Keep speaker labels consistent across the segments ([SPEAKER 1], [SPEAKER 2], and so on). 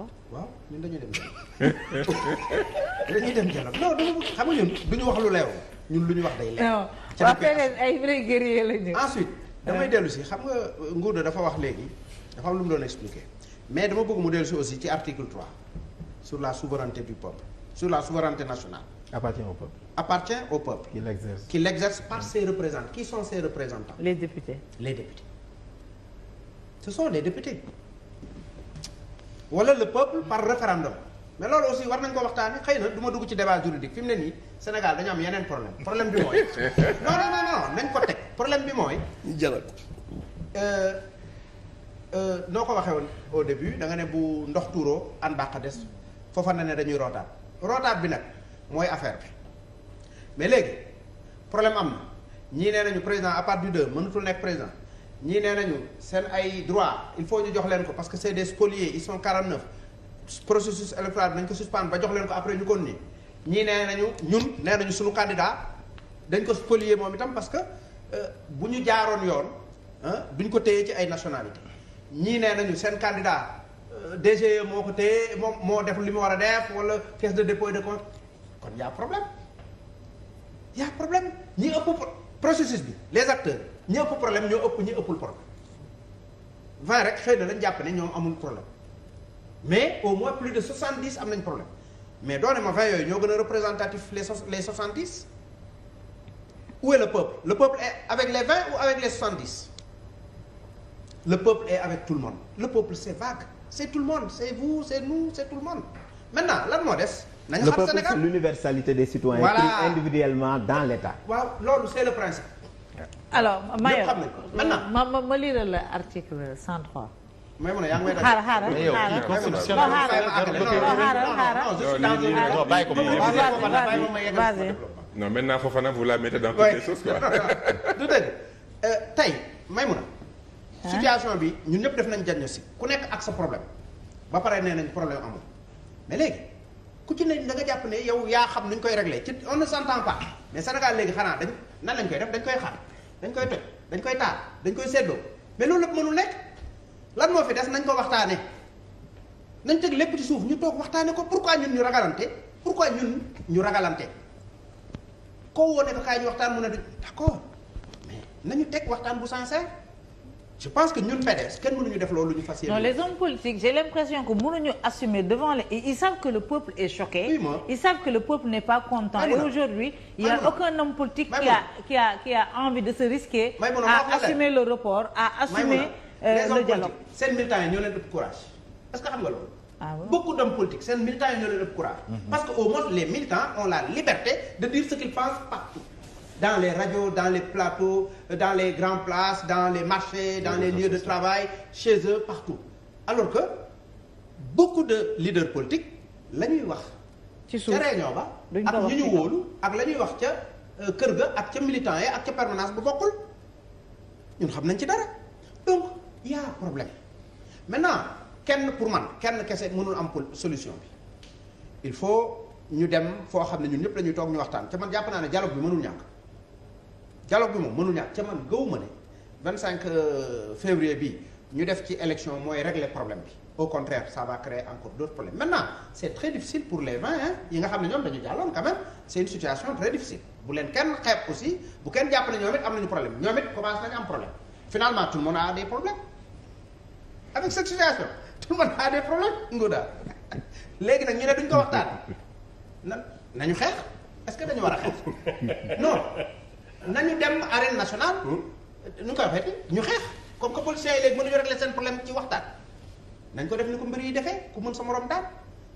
[SPEAKER 1] waaw waaw ñun dañuy dem jàll dañuy dem jàll non dañu xam nga ñun duñu wax lu leeru ñun lu ñu wax day leer waa PDS ay ensuite damay dellu si xam nga euh, Ngouda dafa wax léegi dafa am lu mu doon expliquer mais dama bëgg mu dellu si aussi ci article 3 sur la souveraineté du peuple su la souveraineté nationale appartient au peuple appartient au peuple qui l'exerce qui par ses qui sont ses représentants les députés les députés ce sont les députés wala le peuple par référendum mais loolu aussi war nañ ko waxtaanee xëy na du dugg ci débat juridique fi mu ne nii Sénégal dañu am yeneen problème problème bi mooy non non non nañ ko teg problème bi mooy. jëlaat euh, euh, noo ko waxee woon au début danga ne bu ndox tuuroo an bàq des foofa ne ne dañuy rootaat rootaat bi nag mooy affaire bi mais léegi problème am na ñii nee nañu président à part du deux mënatul nekk président. ñii nee nañu seen ay droit il faut ñu jox leen ko parce que c'est des spoliés ils sont 49 processus électoral nañ ko suspendre ba jox leen ko après ñu kon ni ñii nee nañu ñun nee nañu suñu candidat dañ ko spolier moom itam parce que euh, bu ñu jaaroon yoon duñ ko téye ci ay nationalité ñii nee nañu seen candidat euh, DGE moo ko téye moom moo def li mu war a def wala caisse de dépôt et de compte kon y a problème y problème ñi ëpp processus bi les acteurs ñi ëpp problème ñoo ëpp ñi ëppul problème vingt rek xëy na lañ jàpp ñoom amul problème mais au moins plus de soixante dix am nañ problème mais doone ma vingt yooyu ñoo gën a représentatif les les soixante dix où est le peuple le peuple est avec les vingt ou avec les soixante dix le peuple est avec tout le monde le peuple c'est vague c'est tout le monde c'est vous c'est nous c'est tout le monde maintenant lan moo des nañu xam Sénégal l'universalité des citoyens voilà. pris loolu c'est le alors Mayoro xam
[SPEAKER 2] nañ ma maintenant ma ma ma liiral la article 103.
[SPEAKER 1] may mun a yaa ngi may daj. xaaral xaaral xaaral xaaral non maintenant Fofana vous la mettez dans toutes les sauces quoi. du dëgg euh, tey may mun a. situation bi ñun ñëpp def nañ si ku nekk ak sa problème ba pare nee nañ problème amul mais léegi ku ci ne da jàpp ne yow yaa xam nuñ koy réglé ci on ne s'entend pas mais Sénégal léegi xanaa dañ nan lañ koy def dañ koy xaar. dañ koy toj dañ koy taal dañ koy séddoo mais loolu lépp mënul nekk lan moo fi des nañ ko waxtaane nañ teg lépp ci suuf ñu toog waxtaane ko pourquoi ñun ñu ragalante pourquoi ñun ñu ragalante koo woo ne ko kaay ñu waxtaan mun a du d'accord mais nañu teg waxtaan bu sincère je pense que ñun PDS kenn mënuñu def loolu ñu fas yéene. non les
[SPEAKER 2] hommes politiques j'ai l'impression que mënuñu assumer devant les ils savent que le peuple est choqué. ils savent que le peuple n'est pas content. et aujourd'hui il y a Maïmouna. aucun homme politique. qui a envie de se risquer. à assumer
[SPEAKER 1] le report à assumer. Euh, le dialogue seen militants yi ñoo leen ëpp courage est-ce que xam nga loolu. Ah, mhm. parce que les militants ont la liberté de dire ce qu'ils pensent partout. dans les rajo dans les plateaux euh, dans les grandes places dans les marché dans les lieux de travail chez eux partout alors que beaucoup de leaders politiques la ñuy wax ci suuf ca réunion ba ak ñu ñu wóolu ak la ñuy wax ca euh, kër ga ak ca militants yi ak ca permanence bu bokkul ñun xam nañ ci dara donc y a problème maintenant kenn pour man kenn kese mënul am solution bi il faut ñu dem foo xam ne ñun ñëpp la toog ñu waxtaan ca man jàpp naa ne dialogue bi mënul ñàkk dialogue bi moom mënul ñàkk ca man gëw ma ne 25 euh, février bi ñu def ci élection mooy régler problème bi au contraire sa va créer encore d'autres problèmes maintenant c'est très difficile pour les vingt hein yi nga xam ne ñoom dañu jàlloon quand même c'est une situation très difficile bu leen kenn xeeb aussi bu kenn jàpp ne ñoom it am nañu problème ñoom it commencé nañu am problème finalement tout le a des problèmes avec cette situation tout le a des problèmes Ngouda léegi nag ñu ne ko waxtaan na nañu xeex est que dañu war a xeex nañu dem arène nationale. Hmm. nu ñu koy waxee ñu xeex comme que policiers yi léegi mënuñu régler seen problème ci waxtaan. nañ ko def ni ko mbir yi defee ku mën sa morom daal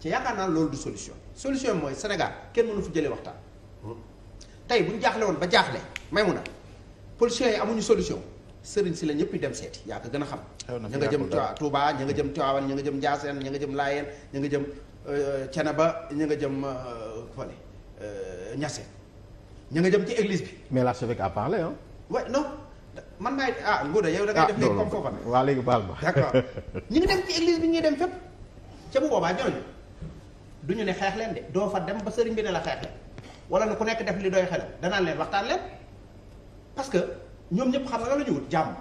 [SPEAKER 1] ci yaakaar naa loolu du solution solution mooy Sénégal kenn mënu fi jëlee waxtaan. Hmm. tey bu ñu jaaxle woon ba jaaxle may mun a policiers yi amuñu solution sëriñ si la ñëpp dem seeti yaa ko gën a xam. ña nga jëm Touba ña nga jëm Tiwaawan ñu nga jëm Ndiassane ña nga jëm Laayeen ñu nga jëm Cenaba ña nga jëm fële Niassène ñu ngi dem ci église bi. mais l'archevêque a parlé ah. wa non man maay ah Ngouda yow da ngay ah, def léegi comme foofa. waaw léegi baal ma. d'accord ñi ngi dem ci église bi ñuy dem fépp ca bu boobaa ñooñu du ñu ne xeex leen de doo fa dem ba sëriñ bi ne la xeex leen wala nu ku nekk def li doy xel danaa leen waxtaan leen parce que ñoom ñëpp xam nga la ñu wut jàmm.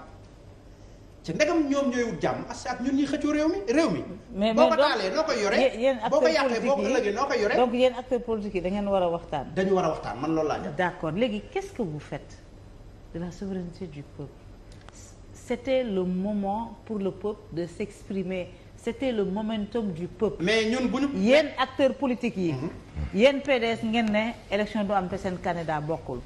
[SPEAKER 1] ci ndegam ñoom ñooy wut jàmm as ak ñun ñuy xëccoo réew mi réew mi. mais mais boo ko taalee noo koy yore. yéen acteurs politiques yi boo ko donc
[SPEAKER 2] yéen acteurs politiques yi da war a waxtaan. dañu war a waxtaan man loolu laa jàpp. d' léegi qu' est ce que vous faites de la souveraineté du peuple c' était le moment pour le peuple de sexprimer exprimer c' était le momentum du peuple. mais ñun bu ñu. yéen acteurs politiques yi. Mhm. yéen PDS ngeen ne élection du am te seen candidat bokkul.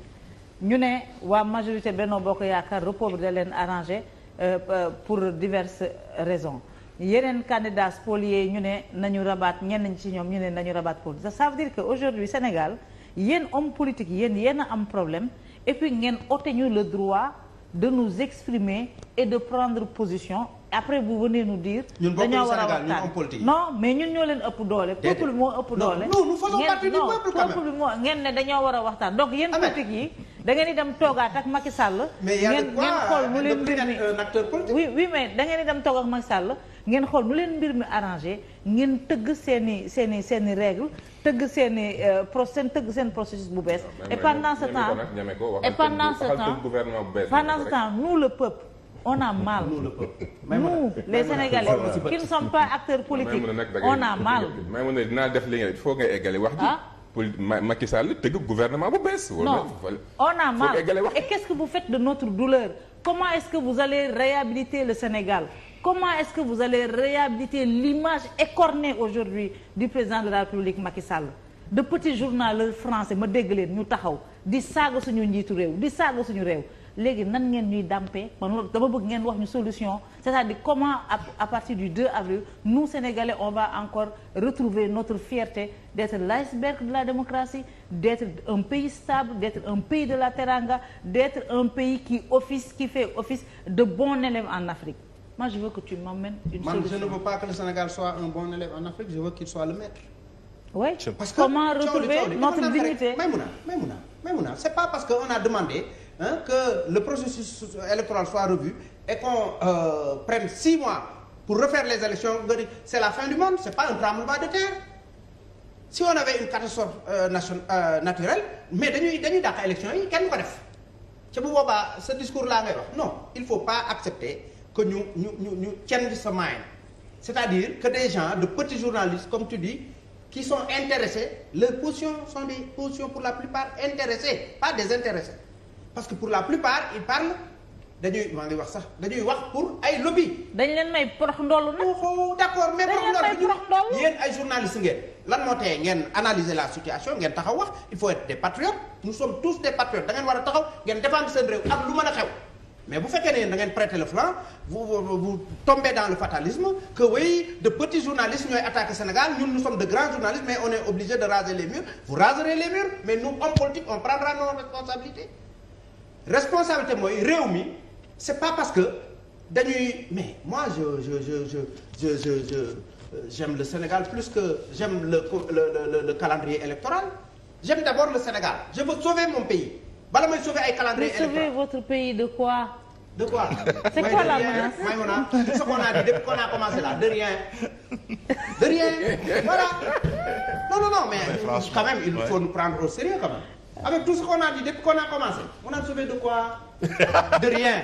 [SPEAKER 2] ñu ne waa majorité Benno Bokk Yaakaar report da leen arrangé. Euh, euh, pour diverses raisons yeneen candidats spoliés ñu ne nañu rabaat ñenn ñi ci ñoom ñu ne nañu rabaat pour ça veut dire que aujourd'hui Sénégal yéen homme politique yéen yéen a am problème et puis ngeen ôté ñu le droit de nous exprimer et de prendre position après vous venez nous dire. dañoo war a waxtaan no mais ñun ñoo leen ëpp doole. peuple moo ëpp doole. non nous faisons moo ngeen ne dañoo war a waxtaan donc yéen politique yi. da ngeen dem toogaat ak Macky Sall. ngeen ngeen xool nu leen mbir mi dem toog ak Macky ngeen xool nu leen mbir mi arrangé ngeen tëgg seen i seen i seen i règle tëgg seen i euh, pro seen tëgg seen processus bu bees. et pendant ce temps et pendant ce temps
[SPEAKER 1] pendant ce temps
[SPEAKER 2] nous le a mal nous, le
[SPEAKER 1] nous les Sénégalais qui ne
[SPEAKER 2] sommes a mal.
[SPEAKER 1] may mun a dinaa def li nga il faut nga wax ji. Ah, poli Macky Sall tëgg gouvernement bu bees. non
[SPEAKER 2] on a mal et qu'est-ce que bu faites de notre douleur. comment est-ce que vous allez réhabiliter le Sénégal comment est-ce que vous allez réhabiliter l'image écornée aujourd'hui du président de la République Macky Sall de petits la français ma dégg leen ñu taxaw di saaga suñu njiitu réew di saaga suñu réew. léegi nan ngeen ñuy dàmpee man loolu dama bëgg ngeen wax ñu solution c'est-à-dire comment à partir du 2 avril nous Sénégalais on va encore retrouver notre fierté d'être l'iceberg de la démocratie d'être un pays stable d'être un pays de la teranga d'être un pays qui office qui fait office de bon élève en Afrique moi je veux que tu m'emmènes une solution. man je ne veux pas
[SPEAKER 1] que le Sénégal soit un bon élève en Afrique je veux qu'il soit le maître. oui parce que comment retrouver notre hein, que le processus électoral soit revu et qu'on euh, prenne six mois pour refaire les élections c'est la fin du monde c'est pas un tremblement de terre si on avait une catastrophe euh, nation euh, naturelle mais dañuy dañuy dàq élections yi kenn ko def ca bu boobaa ce discours laa ngay wax non il faut pas accepter que ñu ñu ñu ñu change sa mind c'est-à-dire que des gens de petits journalistes comme tu dis qui sont intéressés leurs positions sont des positions pour la plupart intéressées pas désintéressées parce que pour la plupart ils parlent dañuy maa ngi wax sax dañuy wax pour ay lobby. dañ leen may porox ndollu nag. d' accord mais porox ndollu yéen ay journaliste ngeen. lan moo tee ngeen analyser la situation ngeen taxaw wax il faut être des patriotes nous sommes tous des patriotes da war a taxaw ngeen défendre seen réew ak lu mën a xew. mais bu fekkee ne yéen da ngeen prêter le flanc vous vous tombez dans le fatalisme que oui de petits journalistes ñooy attaquer responsabilité mooy réew mi c'est pas parce que dañuy mais moi je je j'aime le Sénégal plus que j'aime le le le le calendrier électoral j'aime d'abord le Sénégal je veux sauver mon pays bala may sauver ay calendrier électoral de quoi. de quoi c'est quoi la menace Maïmouna tout ce qu'on a a là de rien de rien non non non mais, il faut nous prendre au sérieux quand même. avec tout ce qu'on a dit depuis qu'on a commencé on a sauvé de quoi de rien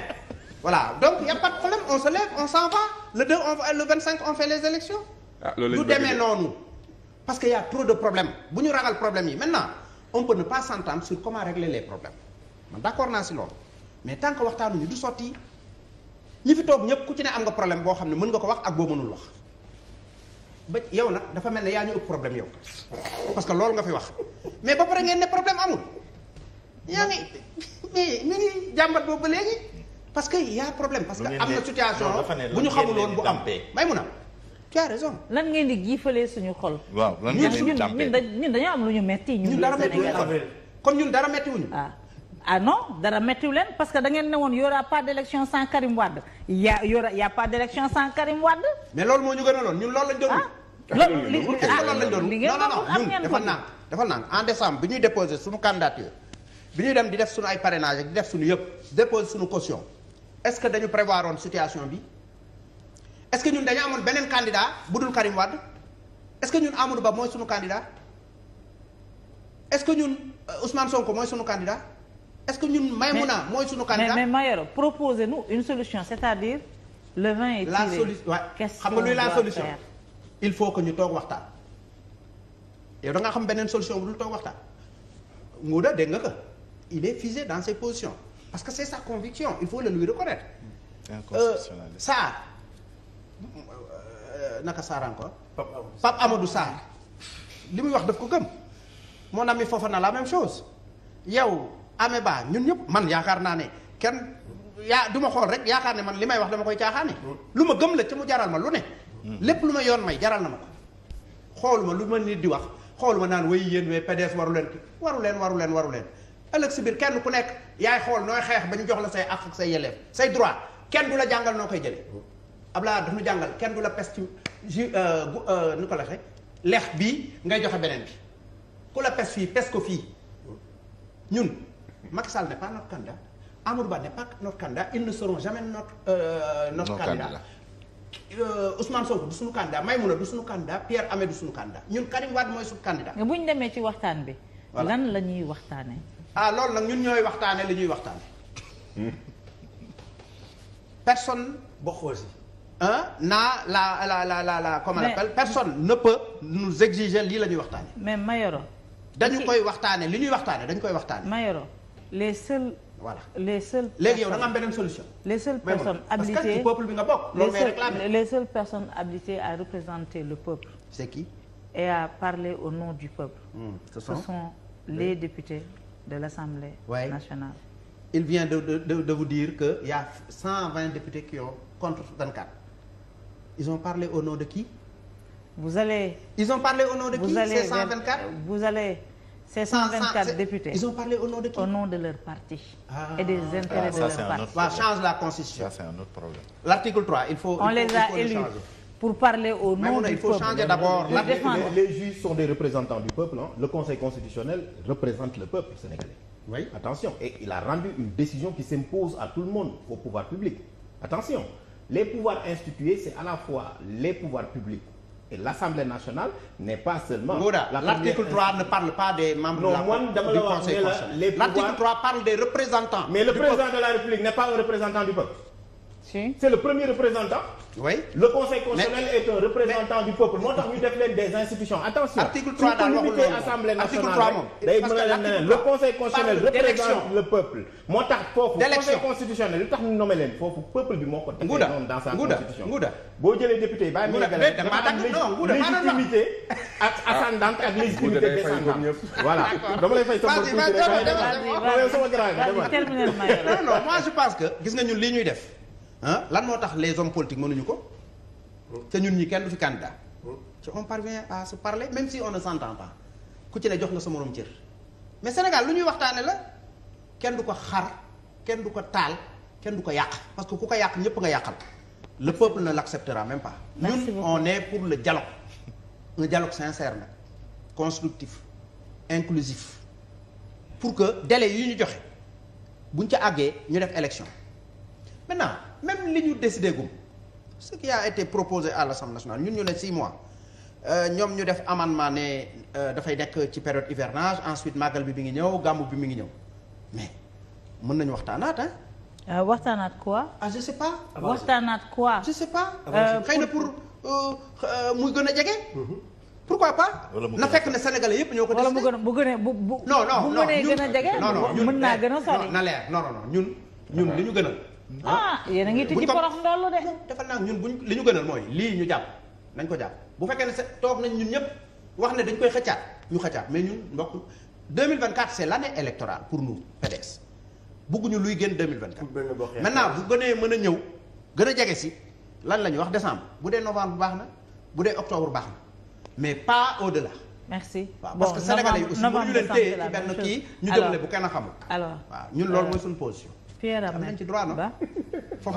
[SPEAKER 1] voilà donc y pas de problème on se on s'en va le 2 on va le 25 on fait les élections lu demee noonu parce que y a trop de problèmes bu ñu ragal problème yi maintenant on peut ne pas s'entendre sur comment régler les problèmes man d'accord naa si loolu mais tant que waxtaanuñu du sotti ñi fi toog ñëpp ku ci ne am nga problème boo xam ne mën nga ko wax ak boo mënul wax ba yow nag dafa mel ne yaa ñu ëpp problème yow parce que loolu nga fi wax mais ba pare ngeen ne problème amul yaa ngi mais mi ngi jàmbat boobu ba léegi parce que y a problème parce que am na situation bu ñu xamul woon bu am may mun a tu as raison lan
[SPEAKER 2] ngeen di jiifalee suñu xol waaw lan ngeen di ñun ñun dañoo am lu ñu metti ñun dara metti comme ñun dara metti wuñu ah, ah non dara méttiw leen parce que da ngeen ne woon y aura pas d' élection sans Karim Wade y a y aura y a pas d' élection sans Karim Wade
[SPEAKER 1] mais loolu moo ñu gën a loon ñun loolu lañ doon li ah, li ngeen ñun defal naa defal naa en décembre bi ñuy déposé suñu candidature bi ñuy dem di def suñu ay parrainage ak di def suñu yëpp déposé suñu caution est-ce que dañu prévoir woon situation bi est que ñun dañu amoon beneen candidat bu dul Karim Wade est-ce que ñun Amadou Ba mooy suñu candidat est-ce que ñun euh, Ousmane Sonko mooy suñu candidat est-ce que ñun Maïmouna mooy suñu candidat mais mais Mayoro proposez
[SPEAKER 2] solution c'est-à-dire
[SPEAKER 1] le vin est tiré. la solution waaw xam nga luy la solution. il faut que ñu toog waxtaan yow da nga xam beneen solution bu dul toog waxtaan Ngouda dégg nga ko il est figé dans ses positions parce que c'est sa conviction il faut le lui reconnaître euh, Sarr euh, naka Sarr encore Pape Amadou Sarr li muy wax daf ko gëm mon ami Fofana la même chose yow Amé Ba ñun ñëpp man yaakaar naa ne kenn yaa du ma xool rek yaakaar ne man li may wax dama koy caaxaane mm. lu ma gëm la ci mu jaral ma lu ne lépp lu ma yoon may jaral na ma ko xooluma lu ma nit di wax xooluma naan way yéen way PDS waru leen ki waru leen waru leen waru leen ëllëg si biir kenn ku nekk yaay xool nooy xeex ba ñu jox la say ak say yelleef say droit kenn du la jàngal noo koy jëlee Abdoulaye daf ñu jàngal kenn du la pes ci ju euh, euh, nu ko la xe lex bii ngay joxe beneen bi ku la pes fii pes ko fii ñun Macky Sall n'est pas notre candidat Amadou Ba n'est pas notre candidat ils ne seront jamais notre euh, notre Euh, Ousmane Sonko du suñu candidat Maïmouna du suñu candidat Pierre Amé du suñu candidat ñun Karim Wade mooy suñu candidat. bu ñu demee ci waxtaan bi. lan la ñuy waxtaanee. ah loolu nag ñun ñooy waxtaanee li ñuy waxtaanee. personne bokkoo si. naa la la la la la comment on appelle personne ne nu nous exiger lii la ñuy waxtaanee.
[SPEAKER 2] mais Mayoro.
[SPEAKER 1] dañu koy waxtaanee li ñuy
[SPEAKER 2] waxtaanee dañ koy waxtaanee. Mayoro. les seuls. voilà les seules. léegi solution. les seules personnes habilitées parce que bi nga bokk. loolu ngay réclamer les seules personnes habilitées à représenter le peuple. c'est qui. et à parler au nom du peuple. Mmh. ce sont ce sont les députés de l'Assemblée nationale.
[SPEAKER 1] il vient de vous dire que y a 120 députés qui ont contre 24. ils ont parlé au nom de qui. vous allez. ils ont parlé au nom de vous qui. allez c'est 124 vous allez. c'est 124
[SPEAKER 2] députés. ils ont parlé au nom de leur parti. Ah. et des intérêts ah, de leur parti.
[SPEAKER 1] la constitution. ça c'est un autre problème. l'article 3 il faut. on les a élus
[SPEAKER 2] pour parler au nom du peuple. il faut changer la
[SPEAKER 1] les juges sont des représentants du peuple le conseil constitutionnel représente le peuple sénégalais. oui attention et il a rendu une décision qui s'impose à tout le monde au pouvoir public attention les pouvoirs institués c'est à la fois les pouvoirs publics. et l'Assemblée nationale n'est pas seulement. Gouda, la l'article 3 ne parle pas des membres non, de la, moi, L'article parle des représentants. Mais le président de la République n'est pas un représentant du peuple. C'est le premier représentant. oui le conseil constitutionnel mais, est un représentant mais, du peuple moo tax ñu def leen des institutions attention. article 3 assemblée nationale day le conseil constitutionnel représente le peuple. moo tax foofu conseil constitutionnel lu tax ñu nommé leen foofu peuple bi dans sa constitution nguuda boo jëlee député yi bàyyi. nguuda mais légitimité ak ah. ascendante ak légitimité descendante. voilà dama lay fay sama. sama grand non non moi je pense que gis nga lii ñuy def. ah lan moo tax les hommes politiques mënuñu ko. te ñun ñi kenn du fi candidat. te on parvient à se parler même si on ne s'entend pas ku ci ne jox nga sa morom cër. mais Sénégal lu ñuy waxtaane la kenn du ko xar kenn du ko taal kenn du ko yàq parce que ku ko yàq ñëpp nga yàqal. le peuple ne l'acceptera même pas. ñun on est pour le dialogue un dialogue sincère nag constructif inclusif pour que délai yi ñu joxe buñ ci àggee ñu def élection maintenant. même li ñu décidé gum ce qui a été proposé à l'Assemblée nationale ñun ñu ne 6 mois euh, ñoom ñu def amendement ne euh, dafay nekk ci période hivernage ensuite màggal bi mi ngi ñëw gàmmu bi mu ngi ñëw mais mën nañu waxtaanaat ah. waxtaanaat quoi. ah je sais pas. waxtaanaat
[SPEAKER 2] quoi. je sais pas. xëy na pour mu gën a jege. Mhm. pourquoi
[SPEAKER 1] pas na fekk ne sénégalais yëpp ñoo ko. wala mu gën a bu gën a bu bu. non non non ñun non non mën naa eh, gën a sori. na leer non non ñun ñun li ñu gënal. Ah,
[SPEAKER 2] ah yéen a ngi tijji porox ndollu de.
[SPEAKER 1] dafa naan ñun buñ li ñu gënal mooy lii ñu jàpp nañ ko jàpp bu fekkee ne sa toog nañ ñun ñëpp wax ne dañ koy xëccaat ñu xëccaat mais ñun mbokk 2024 c'est l'année électorale pour nous PDS e bugguñu luy génn 2024. naa bu gënee mën a ñëw gën a jege si lan la ñu wax décembre bu dee novembre baax na bu dee octobre baax na mais pas au-delà.
[SPEAKER 2] merci waaw parce que sénégalais yi aussi bu ñu leen téye ci benn kii
[SPEAKER 1] ñu jëmale bu kenn xamul. alors waaw
[SPEAKER 2] Pierre Ahmed Ba